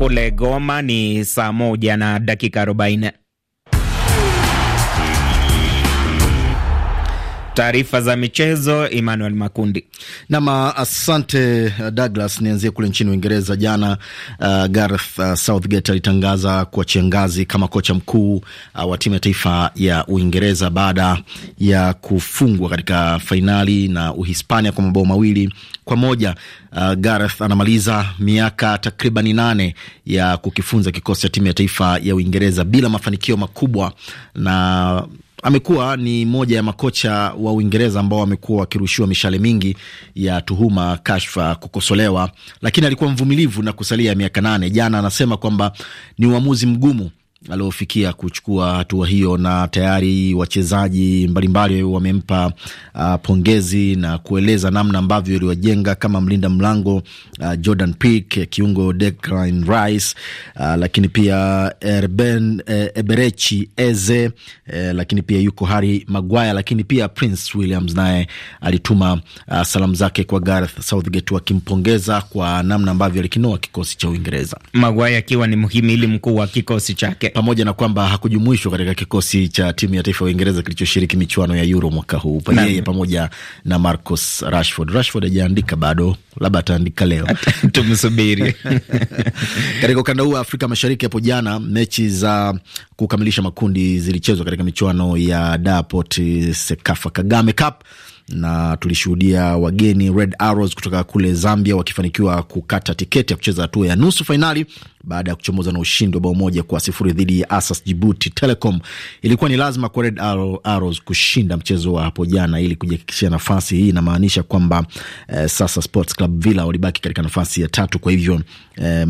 kule Goma ni saa moja na dakika arobaini. Taarifa za michezo, Emmanuel Makundi. Nam, uh, asante uh, Douglas. Nianzie kule nchini Uingereza. Jana uh, Gareth uh, Southgate alitangaza kuachia ngazi kama kocha mkuu uh, wa timu ya taifa ya Uingereza baada ya kufungwa katika fainali na Uhispania kwa mabao mawili kwa moja. Uh, Gareth anamaliza miaka takriban nane ya kukifunza kikosi cha timu ya taifa ya Uingereza bila mafanikio makubwa na amekuwa ni moja ya makocha wa Uingereza ambao wamekuwa wakirushiwa mishale mingi ya tuhuma, kashfa, kukosolewa, lakini alikuwa mvumilivu na kusalia miaka nane. Jana anasema kwamba ni uamuzi mgumu aliofikia kuchukua hatua hiyo, na tayari wachezaji mbalimbali wamempa uh, pongezi na kueleza namna ambavyo iliwajenga kama mlinda mlango uh, Jordan Pick, kiungo Declan Rice, uh, lakini pia Erben uh, Eberechi Eze uh, lakini pia yuko Harry Maguire, lakini pia Prince Williams naye alituma uh, salamu zake kwa Gareth Southgate wakimpongeza kwa namna ambavyo alikinoa kikosi cha Uingereza, Maguire akiwa ni mhimili mkuu wa kikosi chake pamoja na kwamba hakujumuishwa katika kikosi cha timu ya taifa ya Uingereza kilichoshiriki michuano ya Euro mwaka huu, yeye pamoja na Marcus Rashford. Rashford hajaandika bado, labda ataandika leo, tumsubiri. Katika ukanda huu wa Afrika Mashariki, hapo jana mechi za kukamilisha makundi zilichezwa katika michuano ya Dapot Sekafa Kagame Cup na tulishuhudia wageni Red Arrows kutoka kule Zambia wakifanikiwa kukata tiketi ya kucheza hatua ya nusu fainali baada ya kuchomoza na ushindi wa bao moja kwa sifuri dhidi ya Asas Jibuti Telecom. Ilikuwa ni lazima kwa Red Arrows kushinda mchezo wa hapo jana ili kujihakikishia nafasi hii. Inamaanisha kwamba eh, sasa Sports Club Villa walibaki katika nafasi ya tatu. Kwa hivyo eh,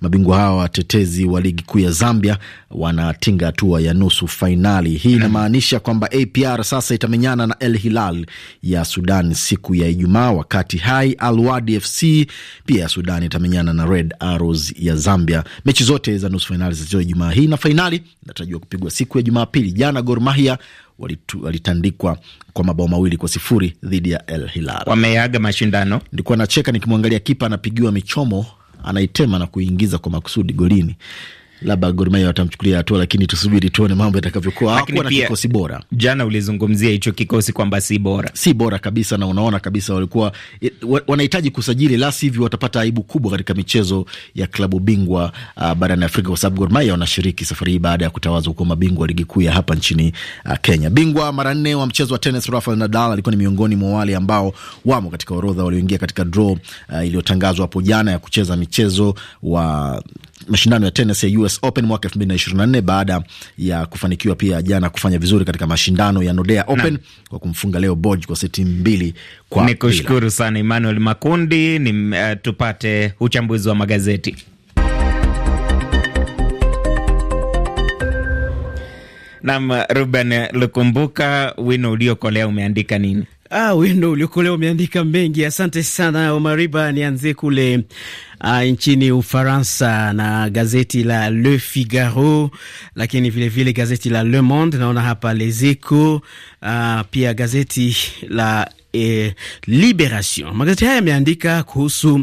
mabingwa hawa watetezi wa ligi kuu ya Zambia wanatinga hatua ya nusu fainali. Hii inamaanisha kwamba APR sasa itamenyana na El Hilal ya Sudan siku ya Ijumaa, wakati Hai Alwadi FC pia ya Sudan itamenyana na Red Arrows ya Zambia. Zambia. Mechi zote za nusu fainali zilizo Jumaa hii na fainali inatarajiwa kupigwa siku ya Jumapili. Jana Gor Mahia walitandikwa kwa mabao mawili kwa sifuri dhidi ya El Hilal. Wameaga mashindano. Nilikuwa nacheka nikimwangalia kipa anapigiwa michomo, anaitema na kuingiza kwa makusudi golini labda Gor Mahia watamchukulia hatua, lakini tusubiri tuone mambo yatakavyokuwa. Hawakuwa na kikosi bora. Jana ulizungumzia hicho kikosi kwamba si bora, si bora kabisa, na unaona kabisa walikuwa eh, wanahitaji kusajili, la sivyo watapata aibu kubwa katika michezo ya klabu bingwa uh, barani Afrika, kwa sababu Gor Mahia wanashiriki safari hii baada ya kutawazwa kuwa mabingwa ligi kuu ya hapa nchini uh, Kenya. Bingwa mara nne wa mchezo wa tenis Rafael Nadal alikuwa ni miongoni mwa wale ambao wamo katika orodha walioingia katika draw uh, iliyotangazwa hapo jana ya kucheza michezo wa mashindano ya tenis ya US Open mwaka 2024 baada ya kufanikiwa pia jana kufanya vizuri katika mashindano ya Nordea Open na kwa kumfunga leo Borg kwa seti mbili kwa ni kushukuru sana Emmanuel Makundi ni uh, tupate uchambuzi wa magazeti nam Ruben Lukumbuka, wino uliokolea umeandika nini? Ah, wino uliokolea umeandika mengi. Asante sana Omariba. Nianzie kule uh, nchini Ufaransa na gazeti la Le Figaro, lakini vilevile vile gazeti la Le Monde, naona hapa Les Echos, uh, ah, pia gazeti la E, eh, Liberation. Magazeti haya yameandika kuhusu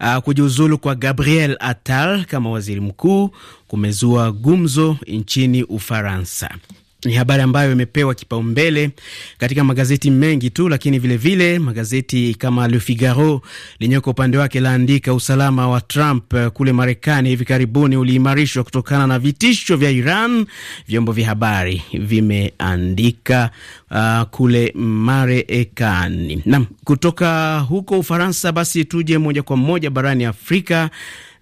uh, kujiuzulu kwa Gabriel Attal kama waziri mkuu kumezua gumzo nchini Ufaransa ni habari ambayo imepewa kipaumbele katika magazeti mengi tu, lakini vilevile vile, magazeti kama Le Figaro lenyewe kwa upande wake laandika usalama wa Trump eh, kule Marekani hivi karibuni uliimarishwa kutokana na vitisho vya Iran, vyombo vya habari vimeandika uh, kule Marekani. Naam, kutoka huko Ufaransa basi tuje moja kwa moja barani Afrika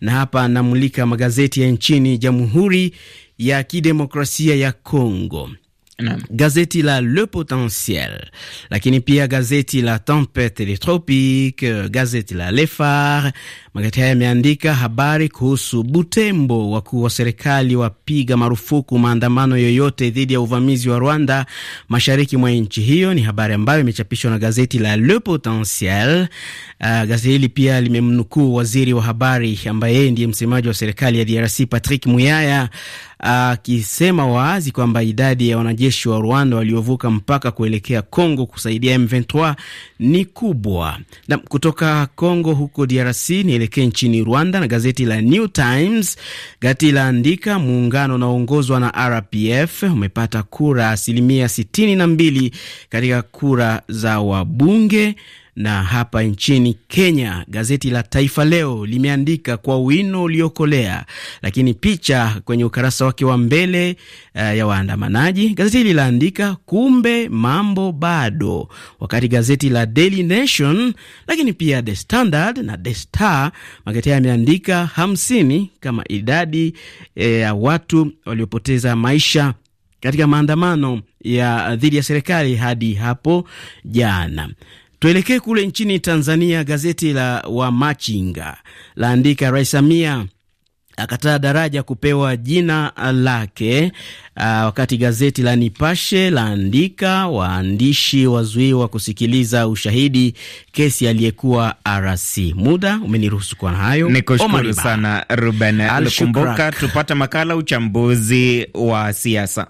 na hapa namulika magazeti ya nchini Jamhuri ya kidemokrasia ya Kongo. gazeti la Le Potentiel, lakini pia gazeti la Tempete des Tropiques, gazeti la Le Phare. Magazeti haya yameandika habari kuhusu Butembo, wakuu wa serikali wapiga marufuku maandamano yoyote dhidi ya uvamizi wa Rwanda mashariki mwa nchi hiyo. Ni habari ambayo imechapishwa na gazeti la Le Potentiel. Uh, gazeti hili pia limemnukuu waziri wa habari ambaye yeye ndiye msemaji wa serikali ya DRC Patrick Muyaya akisema wazi kwamba idadi ya wanajeshi wa Rwanda waliovuka mpaka kuelekea congo kusaidia M23 ni kubwa. Na kutoka congo huko DRC nielekee nchini Rwanda, na gazeti la New Times gazeti laandika muungano unaoongozwa na RPF umepata kura asilimia sitini na mbili katika kura za wabunge na hapa nchini Kenya, gazeti la Taifa Leo limeandika kwa wino uliokolea, lakini picha kwenye ukurasa wake wa mbele uh, ya waandamanaji. Gazeti hili laandika kumbe mambo bado, wakati gazeti la Daily Nation lakini pia The Standard na The Star magazeti yameandika hamsini kama idadi eh, ya eh, watu waliopoteza maisha katika maandamano ya dhidi ya serikali hadi hapo jana. Tuelekee kule nchini Tanzania. Gazeti la Wamachinga laandika Rais Samia akataa daraja kupewa jina lake. Uh, wakati gazeti la Nipashe laandika waandishi wazuiwa kusikiliza ushahidi kesi aliyekuwa RC. Muda umeniruhusu kwa hayo, nikushukuru sana Ruben Alkumbuka. Tupate makala uchambuzi wa siasa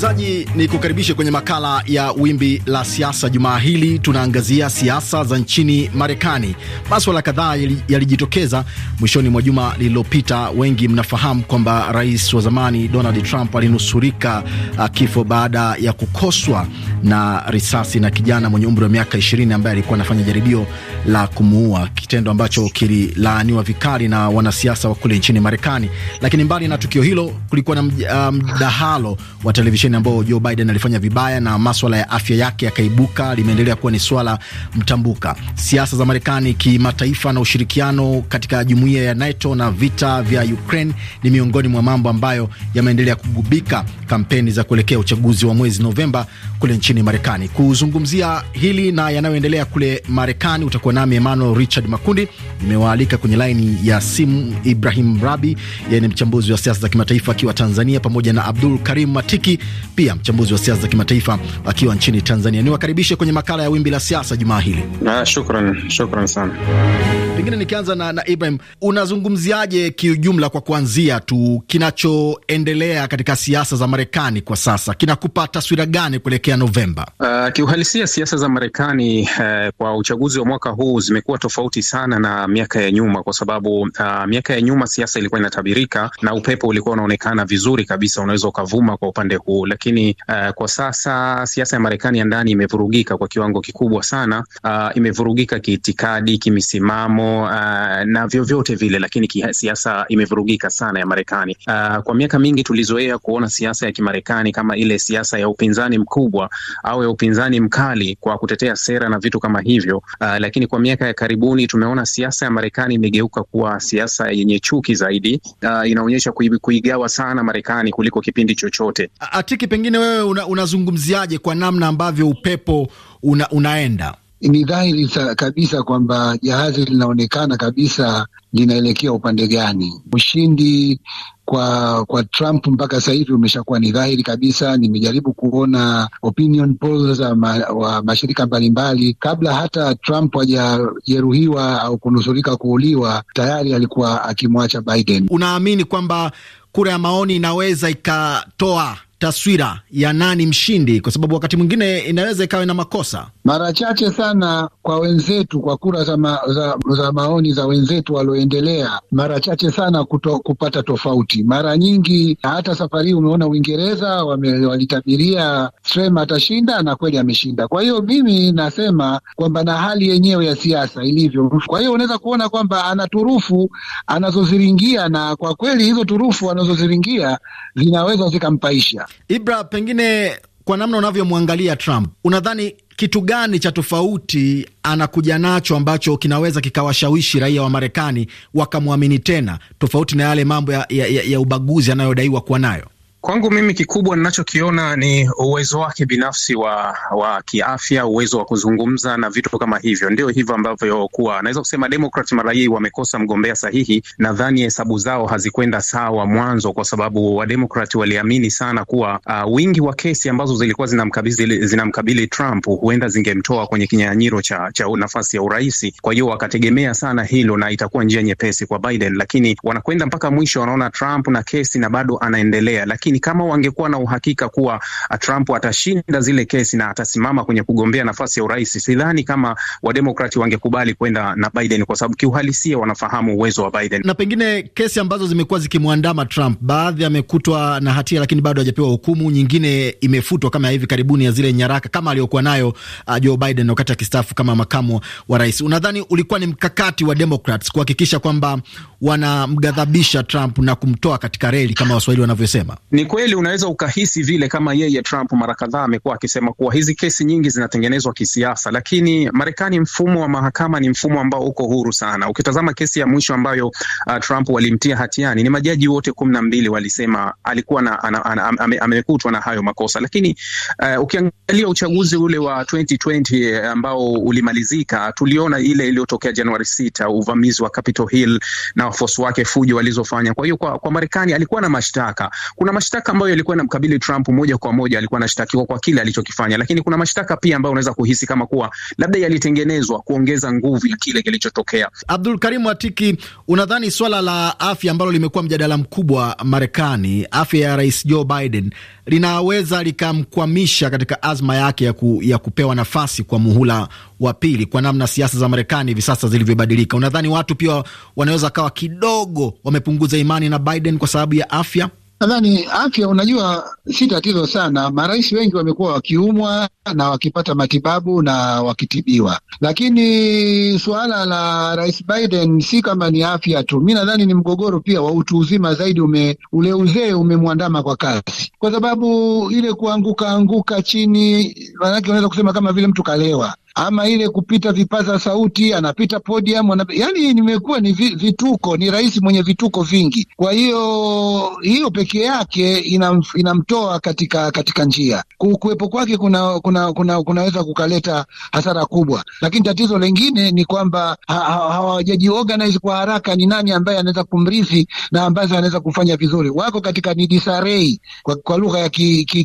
Msikilizaji, ni kukaribishe kwenye makala ya Wimbi la Siasa. Jumaa hili tunaangazia siasa za nchini Marekani. Maswala kadhaa yalijitokeza mwishoni mwa juma lililopita. Wengi mnafahamu kwamba rais wa zamani Donald Trump alinusurika uh, kifo baada ya kukoswa na risasi na kijana mwenye umri wa miaka 20 ambaye alikuwa anafanya jaribio la kumuua, kitendo ambacho kililaaniwa vikali na wanasiasa wa kule nchini Marekani. Lakini mbali na tukio hilo, kulikuwa na uh, mdahalo wa televisheni Republican ambayo Joe Biden alifanya vibaya na maswala ya afya yake yakaibuka, limeendelea kuwa ni swala mtambuka. Siasa za Marekani kimataifa na ushirikiano katika jumuiya ya NATO na vita vya Ukraine ni miongoni mwa mambo ambayo yameendelea kugubika kampeni za kuelekea uchaguzi wa mwezi Novemba kule nchini Marekani. Kuzungumzia hili na yanayoendelea kule Marekani utakuwa nami Emmanuel Richard Makundi. Nimewaalika kwenye laini ya simu Ibrahim Rabi, yeye ni mchambuzi wa siasa za kimataifa akiwa Tanzania, pamoja na Abdul Karim Matiki pia mchambuzi wa siasa za kimataifa akiwa nchini Tanzania. Niwakaribishe kwenye makala ya Wimbi la Siasa jumaa hili. Ah, shukran, shukran sana. Pengine nikianza na, na Ibrahim, unazungumziaje kiujumla, kwa kuanzia tu kinachoendelea katika siasa za Marekani kwa sasa kinakupa taswira gani kuelekea Novemba? Uh, kiuhalisia siasa za Marekani uh, kwa uchaguzi wa mwaka huu zimekuwa tofauti sana na miaka ya nyuma, kwa sababu uh, miaka ya nyuma siasa ilikuwa inatabirika na upepo ulikuwa unaonekana vizuri kabisa, unaweza ukavuma kwa upande huu, lakini uh, kwa sasa siasa ya Marekani ya ndani imevurugika kwa kiwango kikubwa sana. Uh, imevurugika kiitikadi, kimisimamo uh, na vyovyote vile, lakini siasa imevurugika sana ya Marekani. Uh, kwa miaka mingi tulizoea kuona siasa ya Kimarekani kama ile siasa ya upinzani mkubwa au ya upinzani mkali kwa kutetea sera na vitu kama hivyo, uh, lakini kwa miaka ya karibuni tumeona siasa ya Marekani imegeuka kuwa siasa yenye chuki zaidi. Uh, inaonyesha kuigawa sana Marekani kuliko kipindi chochote. Atiki, pengine wewe unazungumziaje una kwa namna ambavyo upepo una, unaenda ni dhahiri kabisa kwamba jahazi linaonekana kabisa linaelekea upande gani. Ushindi kwa kwa Trump mpaka sasa hivi umeshakuwa ni dhahiri kabisa. Nimejaribu kuona opinion polls wa mashirika mbalimbali kabla hata Trump hajajeruhiwa au kunusurika kuuliwa, tayari alikuwa akimwacha Biden. Unaamini kwamba kura ya maoni inaweza ikatoa taswira ya nani mshindi, kwa sababu wakati mwingine inaweza ikawa na makosa mara chache sana kwa wenzetu, kwa kura za, ma, za, za maoni za wenzetu walioendelea, mara chache sana kuto, kupata tofauti. Mara nyingi hata safari umeona Uingereza walitabiria Starmer atashinda na kweli ameshinda. Kwa hiyo mimi nasema kwamba na hali yenyewe ya siasa ilivyo, kwa hiyo unaweza kuona kwamba ana turufu anazoziringia, na kwa kweli hizo turufu anazoziringia zinaweza zikampaisha. Ibra, pengine kwa namna unavyomwangalia Trump, unadhani kitu gani cha tofauti anakuja nacho ambacho kinaweza kikawashawishi raia wa Marekani wakamwamini tena, tofauti na yale mambo ya, ya, ya ubaguzi anayodaiwa kuwa nayo? Kwangu mimi kikubwa ninachokiona ni uwezo wake binafsi wa, wa kiafya, uwezo wa kuzungumza na vitu kama hivyo. Ndio hivyo ambavyo kuwa naweza kusema Demokrat mara hii wamekosa mgombea sahihi. Nadhani hesabu zao hazikwenda sawa mwanzo, kwa sababu Wademokrat waliamini sana kuwa uh, wingi wa kesi ambazo zilikuwa zinamkabili, zinamkabili Trump huenda zingemtoa kwenye kinyang'anyiro cha, cha nafasi ya urahisi Kwa hiyo wakategemea sana hilo na itakuwa njia nyepesi kwa Biden, lakini wanakwenda mpaka mwisho, wanaona Trump na kesi na bado anaendelea lakini lakini kama wangekuwa na uhakika kuwa uh, Trump atashinda zile kesi na atasimama kwenye kugombea nafasi ya urais, sidhani kama wademokrati wangekubali kwenda na Biden kwa sababu kiuhalisia wanafahamu uwezo wa Biden. Na pengine kesi ambazo zimekuwa zikimwandama Trump, baadhi amekutwa na hatia lakini bado hajapewa hukumu, nyingine imefutwa kama hivi karibuni ya zile nyaraka kama aliyokuwa nayo uh, Joe Biden wakati akistaafu kama makamu wa rais. Unadhani ulikuwa ni mkakati wa Democrats kuhakikisha kwamba wanamghadhabisha Trump na kumtoa katika reli kama Waswahili wanavyosema? Ni kweli unaweza ukahisi vile kama yeye Trump mara kadhaa amekuwa akisema kuwa hizi kesi nyingi zinatengenezwa kisiasa, lakini Marekani mfumo wa mahakama ni mfumo ambao uko huru sana. Ukitazama kesi ya mwisho ambayo uh, Trump walimtia hatiani, ni majaji wote kumi na mbili walisema alikuwa na, ana, ana, ame, amekutwa na hayo makosa, lakini uh, ukiangalia uchaguzi ule wa 2020 eh, ambao ulimalizika, tuliona ile iliyotokea Januari 6 uvamizi wa Capitol Hill na wafuasi wake, fujo walizofanya. Kwa hiyo kwa, kwa Marekani alikuwa na mashtaka kuna mash mashtaka ambayo yalikuwa yanamkabili Trump moja kwa moja alikuwa anashtakiwa kwa kile alichokifanya, lakini kuna mashtaka pia ambayo unaweza kuhisi kama kuwa labda yalitengenezwa kuongeza nguvu ya kile kilichotokea. Abdul Karim Atiki, unadhani swala la afya ambalo limekuwa mjadala mkubwa Marekani, afya ya Rais Joe Biden linaweza likamkwamisha katika azma yake ya, ku, ya kupewa nafasi kwa muhula wa pili, kwa namna siasa za Marekani hivi sasa zilivyobadilika? Unadhani watu pia wanaweza kawa kidogo wamepunguza imani na Biden kwa sababu ya afya? Nadhani afya, unajua, si tatizo sana. Marais wengi wamekuwa wakiumwa na wakipata matibabu na wakitibiwa, lakini suala la Rais Biden si kama ni afya tu. Mi nadhani ni mgogoro pia wa utu uzima zaidi, ume, ule uzee umemwandama kwa kasi, kwa sababu ile kuanguka anguka chini, maanake unaweza kusema kama vile mtu kalewa ama ile kupita vipaza sauti, anapita podium anap... yani nimekuwa ni vituko, ni rais mwenye vituko vingi. Kwa hiyo hiyo pekee yake inam, inamtoa katika katika njia. Kuwepo kwake kuna, kuna, kuna, kunaweza kukaleta hasara kubwa, lakini tatizo lingine ni kwamba hawajaji ha, ha, kwa haraka ni nani ambaye anaweza kumrithi na ambazo anaweza kufanya vizuri. Wako katika ni disarray kwa, kwa lugha ya kimombo ki,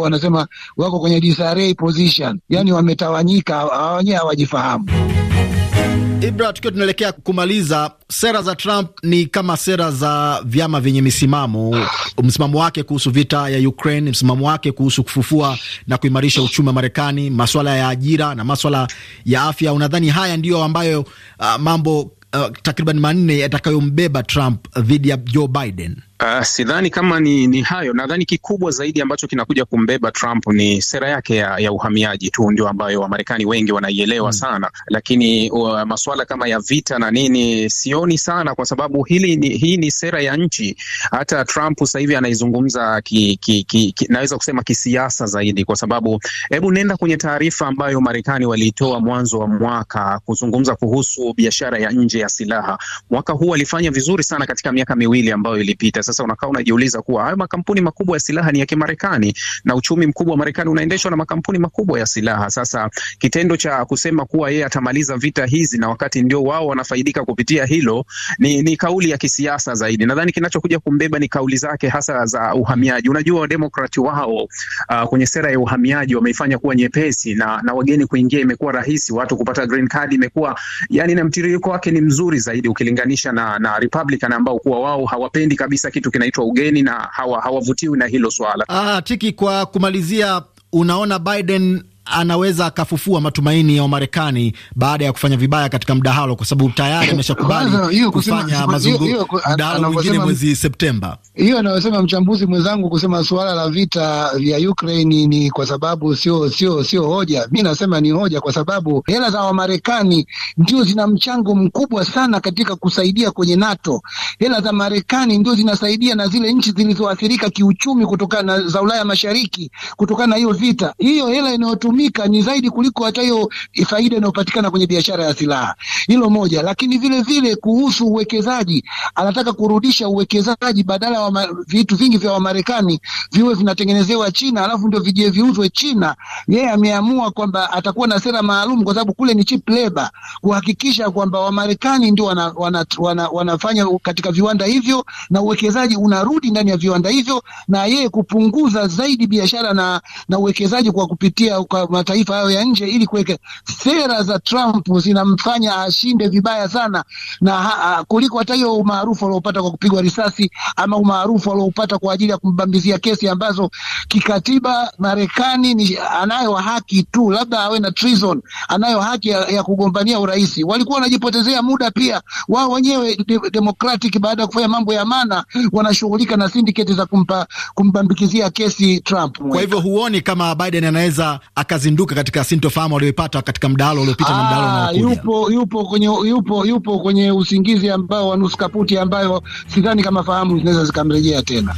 ki, wanasema wako kwenye disarray position, yani wametawanyika wenyewe hawajifahamu. Ibra, tukiwa tunaelekea kumaliza, sera za Trump ni kama sera za vyama vyenye misimamo. Msimamo wake kuhusu vita ya Ukraine, msimamo wake kuhusu kufufua na kuimarisha uchumi wa Marekani, maswala ya ajira na maswala ya afya, unadhani haya ndiyo ambayo uh, mambo uh, takriban manne yatakayombeba Trump dhidi ya Joe Biden? Uh, sidhani kama ni, ni hayo. Nadhani kikubwa zaidi ambacho kinakuja kumbeba Trump ni sera yake ya, ya uhamiaji tu ndio ambayo Wamarekani wengi wanaielewa mm, sana lakini uh, masuala kama ya vita na nini sioni sana, kwa sababu hili ni, hii ni sera ya nchi. Hata Trump sasa hivi anaizungumza ki, ki, ki, ki, naweza kusema kisiasa zaidi, kwa sababu hebu nenda kwenye taarifa ambayo Marekani waliitoa mwanzo wa mwaka kuzungumza kuhusu biashara ya nje ya silaha. Mwaka huu alifanya vizuri sana katika miaka miwili ambayo ilipita. Sasa unakaa unajiuliza kuwa hayo makampuni makubwa ya silaha ni ya Kimarekani na uchumi mkubwa wa Marekani unaendeshwa na makampuni makubwa ya silaha. Sasa kitendo cha kusema kuwa yeye atamaliza vita hizi na wakati ndio wao wanafaidika kupitia hilo ni, ni kauli ya kisiasa zaidi. Nadhani kinachokuja kumbeba ni kauli zake hasa za uhamiaji. Unajua wademokrati wao uh, kwenye sera ya uhamiaji wameifanya kuwa nyepesi na, na wageni kuingia imekuwa rahisi, watu kupata green card imekuwa yani, na mtiririko wake ni mzuri zaidi ukilinganisha na, na Republican ambao kuwa wao hawapendi kabisa kitu kinaitwa ugeni na hawavutiwi hawa na hilo swala. Ah, kwa kumalizia, unaona Biden anaweza akafufua matumaini ya Wamarekani baada ya kufanya vibaya katika mdahalo, kwa sababu tayari ameshakubali kufanya mazungumzo mdahalo mwingine mwezi Septemba. Hiyo anayosema mchambuzi mwenzangu kusema suala la vita vya Ukraine ni kwa sababu sio sio sio hoja, mi nasema ni hoja, kwa sababu hela za Wamarekani ndio zina mchango mkubwa sana katika kusaidia kwenye NATO. Hela za Marekani ndio zinasaidia na zile nchi zilizoathirika kiuchumi kutokana za Ulaya Mashariki kutokana na hiyo vita. Hiyo hela inayotumika inayotumika ni zaidi kuliko hata hiyo faida inayopatikana kwenye biashara ya silaha. Hilo moja, lakini vile vile kuhusu uwekezaji, anataka kurudisha uwekezaji, badala ya vitu vingi vya Wamarekani viwe vinatengenezewa China alafu ndio vije viuzwe China. Yeye ameamua kwamba atakuwa na sera maalum, kwa sababu kule ni cheap labor, kuhakikisha kwamba Wamarekani ndio wana, wana, wana, wanafanya katika viwanda hivyo na uwekezaji unarudi ndani ya viwanda hivyo, na yeye kupunguza zaidi biashara na na uwekezaji kwa kupitia kwa mataifa hayo ya nje ili kuweka sera za Trump zinamfanya ashinde vibaya sana na ha, kuliko hata hiyo umaarufu aliopata kwa kupigwa risasi ama umaarufu aliopata kwa ajili ya kumbambizia kesi ambazo kikatiba Marekani ni anayo haki tu, labda awe na treason, anayo haki ya, ya kugombania urais. Walikuwa wanajipotezea muda pia wao wenyewe de, Democratic, baada ya kufanya mambo ya maana, wanashughulika na syndicate za kumpa, kumbambikizia kesi Trump. Kwa hivyo huoni kama Biden anaweza aka akazinduka katika sintofahamu walioipata katika mdahalo uliopita na mdahalo ah, unaokuja? Yupo, yupo kwenye yupo yupo kwenye usingizi ambao wa kaputi, ambayo sidhani kama fahamu zinaweza zikamrejea tena.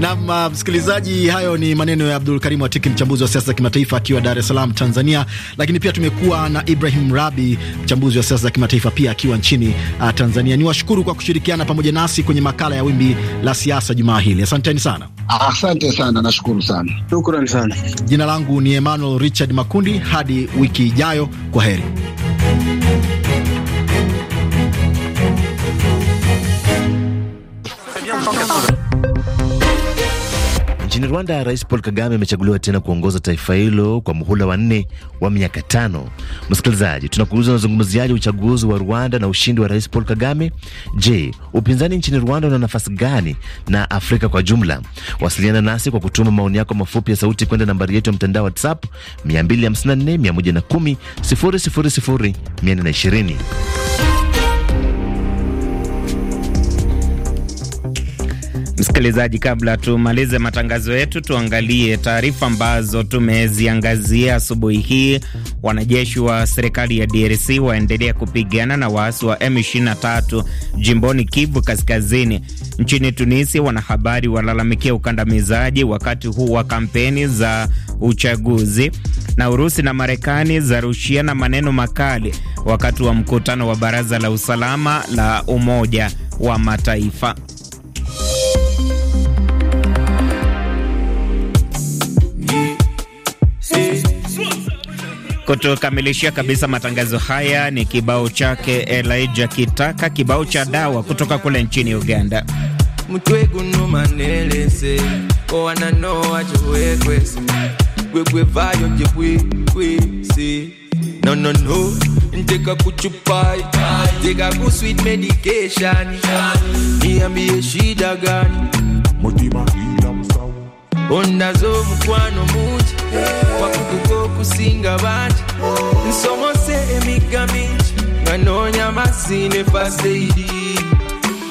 Nam ah, msikilizaji, hayo ni maneno ya Abdul Karimu Atiki, mchambuzi wa siasa za kimataifa akiwa Dar es Salaam, Tanzania. Lakini pia tumekuwa na Ibrahim Rabi, mchambuzi wa siasa za kimataifa pia akiwa nchini uh, Tanzania. Ni washukuru kwa kushirikiana pamoja nasi kwenye makala ya Wimbi la Siasa jumaa hili. Asanteni sana. Asante sana, nashukuru sana, shukrani sana. Jina langu ni Emmanuel Richard Makundi, hadi wiki ijayo, kwa heri. Nchini Rwanda, Rais Paul Kagame amechaguliwa tena kuongoza taifa hilo kwa muhula wa nne wa miaka tano. Msikilizaji, tunakuuliza unazungumziaje uchaguzi wa Rwanda na ushindi wa Rais Paul Kagame? Je, upinzani nchini Rwanda una nafasi gani na Afrika kwa jumla? Wasiliana nasi kwa kutuma maoni yako mafupi ya sauti kwenda nambari yetu ya mtandao WhatsApp 254 110 000 420. Msikilizaji, kabla tumalize matangazo yetu, tuangalie taarifa ambazo tumeziangazia asubuhi hii. Wanajeshi wa serikali ya DRC waendelea kupigana na waasi wa M23 jimboni Kivu Kaskazini. Nchini Tunisia, wanahabari walalamikia ukandamizaji wakati huu wa kampeni za uchaguzi, na Urusi na Marekani zarushiana maneno makali wakati wa mkutano wa Baraza la Usalama la Umoja wa Mataifa. Kutukamilishia kabisa matangazo haya ni kibao chake Elijah Kitaka, kibao cha dawa kutoka kule nchini Uganda. mtweguno gwegwevayo jekwikwisi kuchupai ku sweet medication shida gani ondazo mukwano mungi wakuguga okusinga bangi nsomose emigga mingi nga noonya amazzi ne faseidi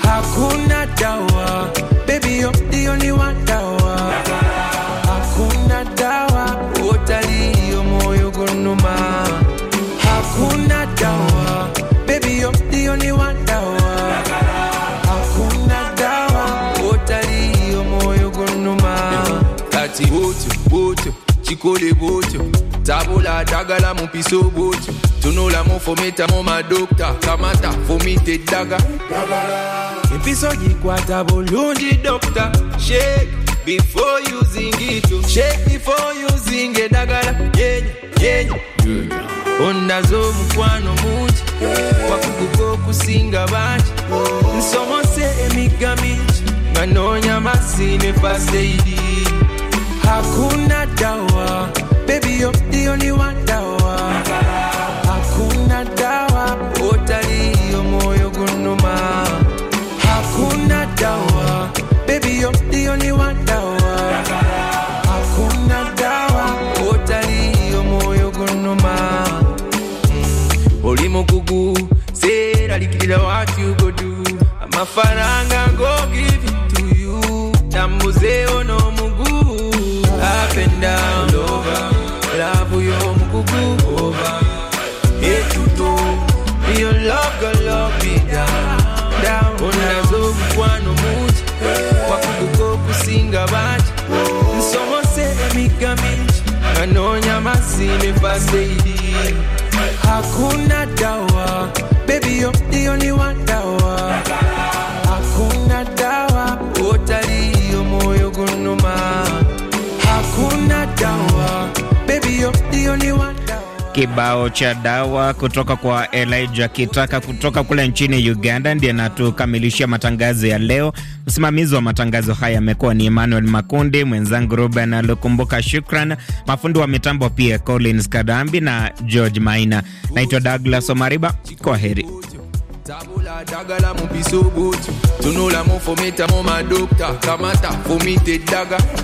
hakuna dawa bebiyo ndiyo ni wadawa Kati bocho, bocho, chikole bocho Tabola, dagala, mupiso bocho Tunola mufometa mumadokta Kamata, fomite daga Impiso jikwata bulungi dokta Shake before using it Shake before using it Dagala, yenya, yenya Ondazo mukwano mungi Wakuguko kusinga bangi Nsomose emiga mingi Nga nonya masine fast hakuna dawa baby, you're hakuna dawa utaliyo moyo gunuma, hakuna Mercedes. Hakuna kibao cha dawa kutoka kwa Elijah Kitaka kutoka kule nchini Uganda ndiye anatukamilishia matangazo ya leo. Msimamizi wa matangazo haya amekuwa ni Emmanuel Makundi, mwenzangu Ruben alikumbuka shukran. Mafundi wa mitambo pia Collins Kadambi na George Maina. Naitwa Douglas Omariba, kwa heri. Tabula daga la mubisubutu tunula mufumita mumadukta kamata fumite daga